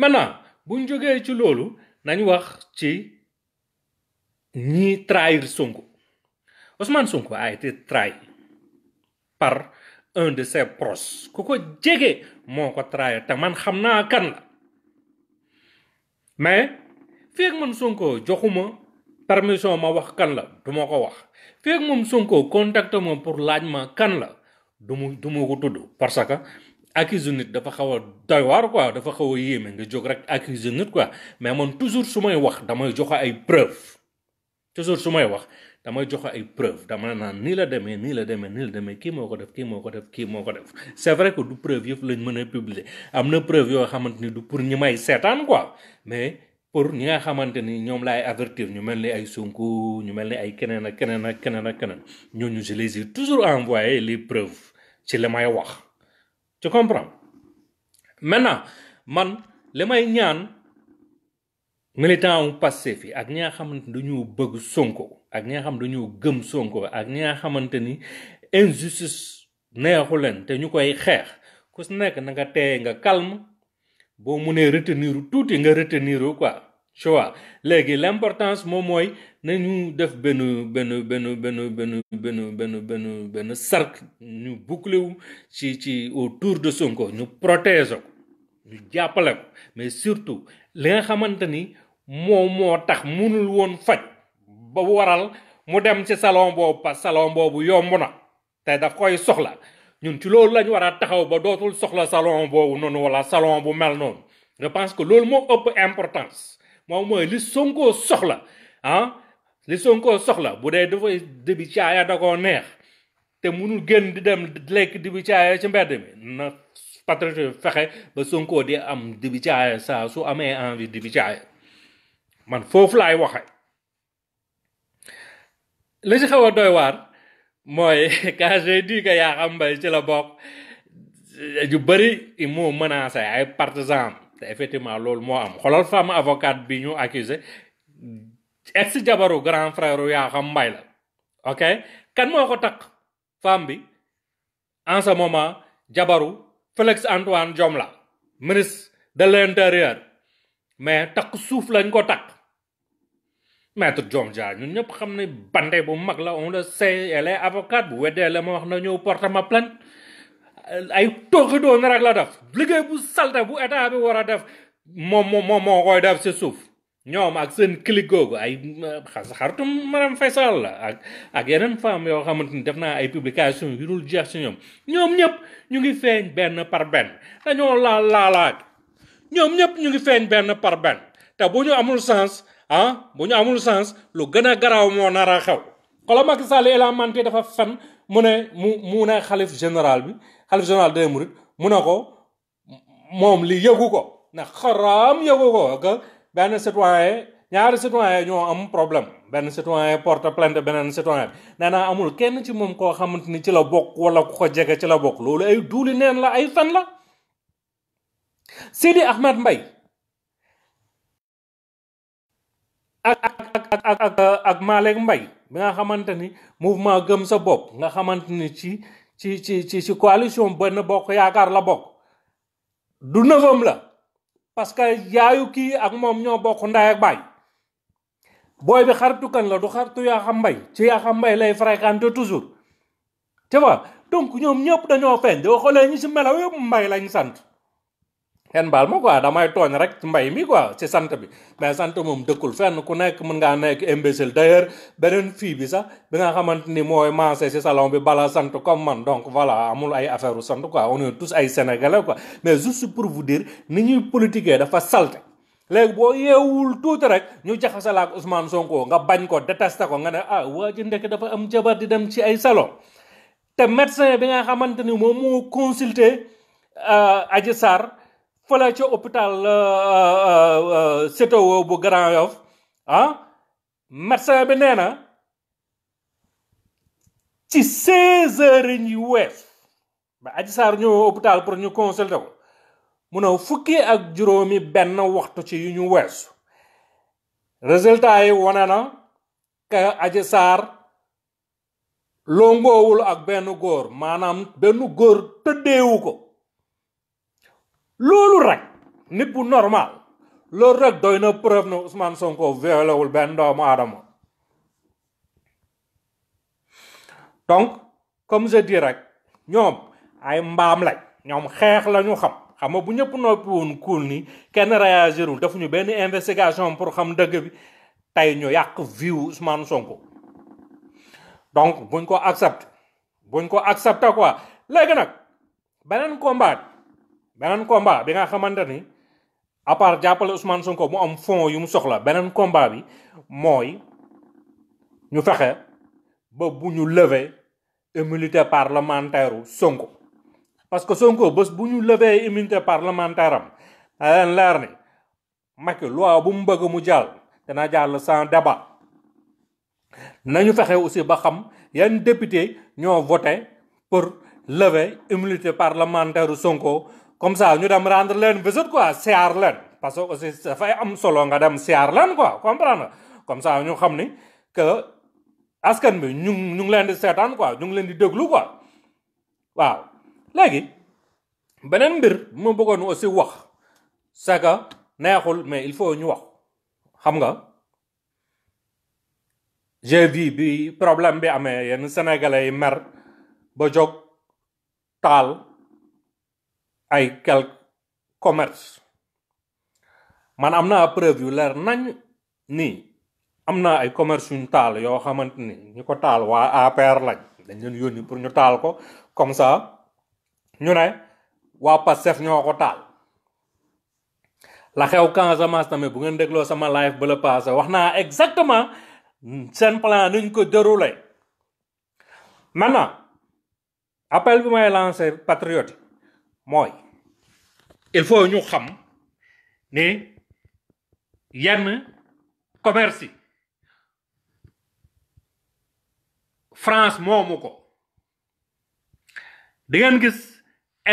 maintenant buñ jógee ci loolu nañ wax ci ñi trahir Sonko Ousmane Sonko a été trahi par un de ses proches ku ko jege moo ko trahir te man xam naa kan la mais feeg man Sonko joxuma permission ma wax kan la duma ko wax feeg moom Sonko contacté ma pour laaj ma kan la du mu du ma ko tudd parce que accuser nit dafa xaw a doy waar quoi dafa xaw a yéeme nga jóg rek accuser nit quoi mais man toujours su may wax damay jox ay preuve toujours su may wax damay joxe ay preuve dama naan nii la demee nii la demee nii la demee kii moo ko def kii moo ko def kii moo ko def c'est vrai que du preuve yëpp lañ mën a publier am na preuve yoo xamante ni du pour ñi may seetaan quoi mais pour ñi nga xamante ni ñoom laay avertir ñu mel ni ay Sonko ñu mel ni ay keneen ak keneen ak keneen ak keneen ñooñu je les toujours envoyé les preuves ci li may wax. tu comprends maintenant man li may ñaan militant wu fii ak ñaa nga xamante ni dañoo bëgg Sonko ak ñi nga gëm Sonko ak ñi xamante ni injustice neexu leen te ñu koy xeex ku si nekk na nga teye nga kalm boo mënee retenir tuuti nga retenir ko choix léegi l'importance moom mooy nañu def benn benn benn benn benn benn benn benn benn cercle ñu boucler wu ci ci autour de Sonko ñu protéger ko ñu jàppale ko mais surtout li nga xamante ni moom moo tax munul woon faj ba waral mu dem ci salon boobu parce salon boobu yomb na te daf koy soxla ñun ci loolu lañ war a taxaw ba dootul soxla salon boobu noonu wala salon bu mel noonu je pense loolu moo ëpp importance moom mooy li Sonko soxla ah li Sonko soxla bu dee dafay dibi caaya da neex te munul génn di dem lekk dibi caaya ci mbedd mi na patriote fexe ba Sonko di am dibi caaya saa su amee envie dibi caaya man foofu laay waxe li ci xaw a doy waar mooy quand j'ai dit que yaa xam ci la bokk ju bëri i moo menacé ay partisans te effectivement loolu moo am xoolal femme avocate bi ñu accusé ex jabaru grand frère yaa xam mbay la ok kan moo ko takk femme bi en ce moment jabaru Félix Antoine Diome la ministre de l'intérieur mais takk suuf lañ ko takk maître Diome Dia ñun ñëpp xam ne bande bu mag la on le sait elle est bu weddee ma wax na ñëw porte ma ay tooxidoo na rek la def liggéey bu salta bu état bi war a def moom moom moo koy def si suuf ñoom ak seen clique googu ay xaritu Marième Faye Sall la ak ak yeneen femmes yoo xamante ni def naa ay publication yu dul jeex si ñoom ñoom ñëpp ñu ngi feeñ benn par benn dañoo laal ñëpp ñu ngi feeñ benn par te bu ñu amul sens ah bu ñu amul sens lu gën a garaaw moo nar a xew xoolal Macky Sall il a dafa fen mu ne mu mu ne xalif général bi xalif général des mourides mu ne ko moom li yëgu ko na xaraam yëgu ko que benn citoyen ñaari citoyen ñoo am problème benn citoyen porte plainte beneen citoyen nee amul kenn ci moom koo xamante ni ci la bokk wala ku ko jege ci la bokk loolu ay duuli neen la ay fen la Sidi Ahmed Mbaye ak ak ak bi nga xamante ni mouvement gëm sa bopp nga xamante ni ci ci ci ci ci coalition benn bokku yaakaar la bokk du neveu la parce que yaayu kii ak moom ñoo bokk ndaay ak baay booy bi xaritu kan la du xaritu Yakham Mbaye ci Yakham Mbaye lay fréquenté toujours tu vois donc ñoom ñëpp dañoo feeñ doo xoolee ñi si melaw mu mbay lañ sant ngeen baal ma quoi damay tooñ rek mbay mi quoi ci sant bi mais sant moom dëkkul fenn ku nekk mën ngaa nekk imbécile d'ailleurs beneen fii bi sax bi nga xamante ni mooy mancé ci salon bi bala sant comme man donc voilà amul ay affaire u sant quoi on est tous ay sénégalais quoi pour vous dire ni ñuy politiquer dafa salte léegi boo yeewul tuuti rek ñu jaxasal ak Ousmane Sonko nga bañ ko détesté ko nga ne ah, waa ji ndekk dafa am jabar di dem ci ay salon te bi nga xamante ni moom moo consulté euh, Adji Sarr fële ci hôpital euh, euh, euh, Séto bu Grand Yoff ah bi nee na ci 16 heures yu ñu wees ba Adji Sarr hôpital pour ñu consulter ko mu ne fukki ak juróomi benn waxtu ci yu ñu weesu résultat yi wane na ka Adji Sarr longoowul ak benn góor maanaam benn góor tëddeewu ko loolu rek nit bu normal loolu rek doy na preuve ne Ousmane Sonko lawul benn doomu aadama donc comme je di rek ñoom ay mbaam lañ ñoom xeex lañu xam xam nga bu ñëpp noppi woon kuul nii kenn réagirul defuñu benn investigation pour xam dëgg bi tey ñu yàq vie Ousmane Sonko donc buñ ko accepté buñ ko accepté quoi léegi nag beneen combat beneen combat bi nga xamante ni à part jàppale Ousmane Sonko mu am fond yu mu soxla beneen combat bi mooy ñu fexe ba bu ñu lever immunité parlementaire u Sonko parce que Sonko bés bu ñu lever immunité parlementaire am da leen leer ni Macky loi bu mu bëgg mu jàll dana jàll sans débat nañu fexe aussi ba xam yan député ñoo voté pour lever immunité parlementaire u Sonko comme ça ñu dem rendre leen visite ko siyaar leen parce que aussi dafay am solo nga dem siyaar leen quoi comprendre comme ça ñu xam ni que askan bi ñu ñu ngi leen di seetaan quoi ñu ngi leen di déglu ko waaw léegi beneen mbir mu bëggoon aussi wax c'est que neexul mais il faut ñu wax xam nga j'ai vu bi problème bi amee yenn sénégalais yi mer ba jóg taal ay quelque commerce man am na preuve yu leer nañ nii am naa ay commerce yuñ taal yoo xamante ni ñu ko taal waa APR lañ dañ leen yónni pour ñu taal ko comme ça ñu ne waa Pastef ñoo ko taal la xew Casamance tamit bu ngeen dégloo sama live ba la passé wax naa exactement seen plan nuñ ko déroulé maintenant appel bi may lancé patriote mooy il faut ñu xam ne yenn commerce France moomu ko di ngeen gis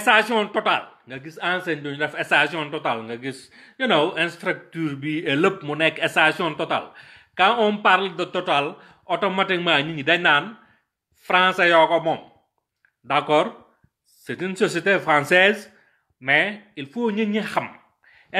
station Total nga gis enseigne bi ñu def station Total nga gis you know infrastructure bi et lépp mu nekk station Total quand on parle de Total automatiquement nit ñi dañ naan français yoo ko moom d'accord c'est une société française mais il faut ñun ñi xam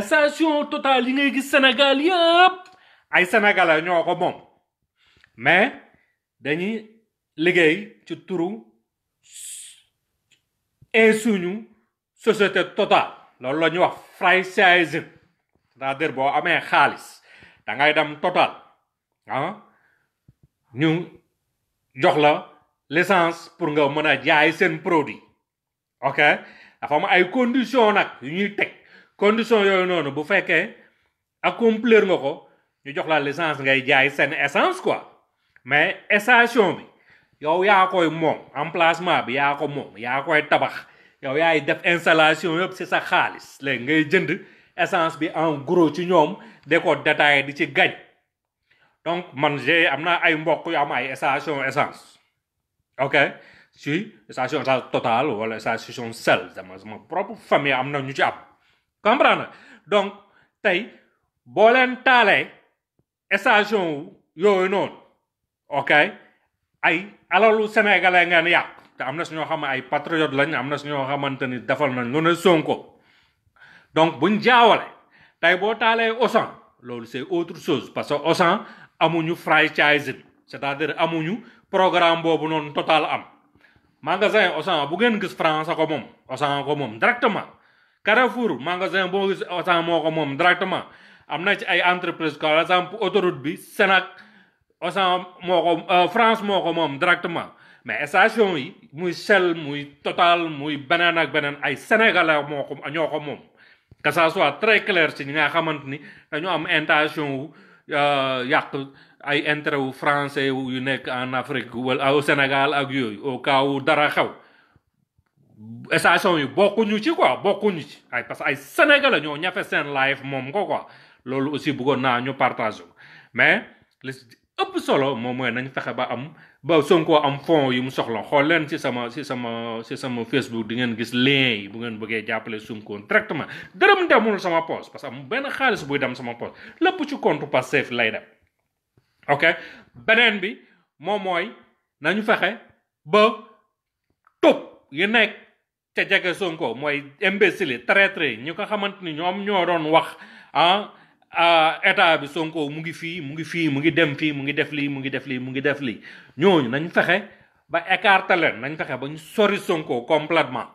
station Total yi ngay gis Sénégal yëpp ay sénégalais ñoo ko moom mais dañuy liggéey ci turu et suñu société Total loolu la ñuy wax franchising cest daa dire boo amee xaalis da ngay dem Total ah ñu jox la licence pour nga mën a jaay seen produit ok dafa am ay condition nag yu ñuy teg condition yooyu noonu bu fekkee accomplir nga ko ñu jox la licence ngay jaay seen essence quoi mais station bi yow yaa koy moom emplacement bi yaa ko moom yaa koy tabax yow yaay def installation yëpp si sa xaalis léegi ngay jënd essence bi en gros ci ñoom de ko détaillé di ci gañ donc man j'ai am naa ay mbok yu am ay station essence ok si ça change total wala ça change sel sama sama propre famille am na ñu ci am comprendre donc tey boo leen taalee yooyu noonu ok ay alalu sénégalais e ngeen yàq te am na su ñoo xam ay patriote lañ am na su ñoo xamante ni defal nañ lu Sonko donc buñ jaawale tey boo taalee Auchan loolu c'est autre chose parce que Auchan amuñu franchising c'est-à-dire amuñu programme boobu noonu total am magasin Auchan bu ngeen gis France ko moom Auchan ko moom directement Carrefour magasin boo gis Auchan moo ko moom directement am na ci ay entreprise par exemple autoroute bi Sénac Auchan moo ko euh, France moo ko moom directement mais station yi muy Shell muy Total muy beneen ak beneen ay sénégalais moo moom que ça soit très clair ci ñi nga xamante ni dañu am intention wu Ah, yàq ay intérêt wu français yu nekk en Afrique wala au Sénégal ak yooyu au cas où dara xew station yu bokkuñu ci quoi bokkuñu ci ay parce que ay Sénégalais ñoo ñafe seen live moom ko quoi loolu aussi bëggoon naa ñu partage mais ëpp solo moom mooy nañ fexe ba am ba Sonko am fond yi mu soxla xool leen ci sama ci sama ci sama Facebook di ngeen gis lien yi bu ngeen bëggee jàppale Sonko directement dërëm demul sama poche parce que benn xaalis buy dem sama poche lépp ci compte Pastef lay dem ok beneen bi moo mooy nañu fexe ba top yi nekk ca jege Sonko mooy imbécile traître ñi ko xamante ni ñoom ñoo doon wax ah, Ah, état bi Sonko mu ngi fii mu ngi fii mu ngi dem fii mu ngi def lii mu ngi def lii mu ngi def lii ñooñu nañ fexe ba écarter leen nañ fexe ba ñu sori Sonko completement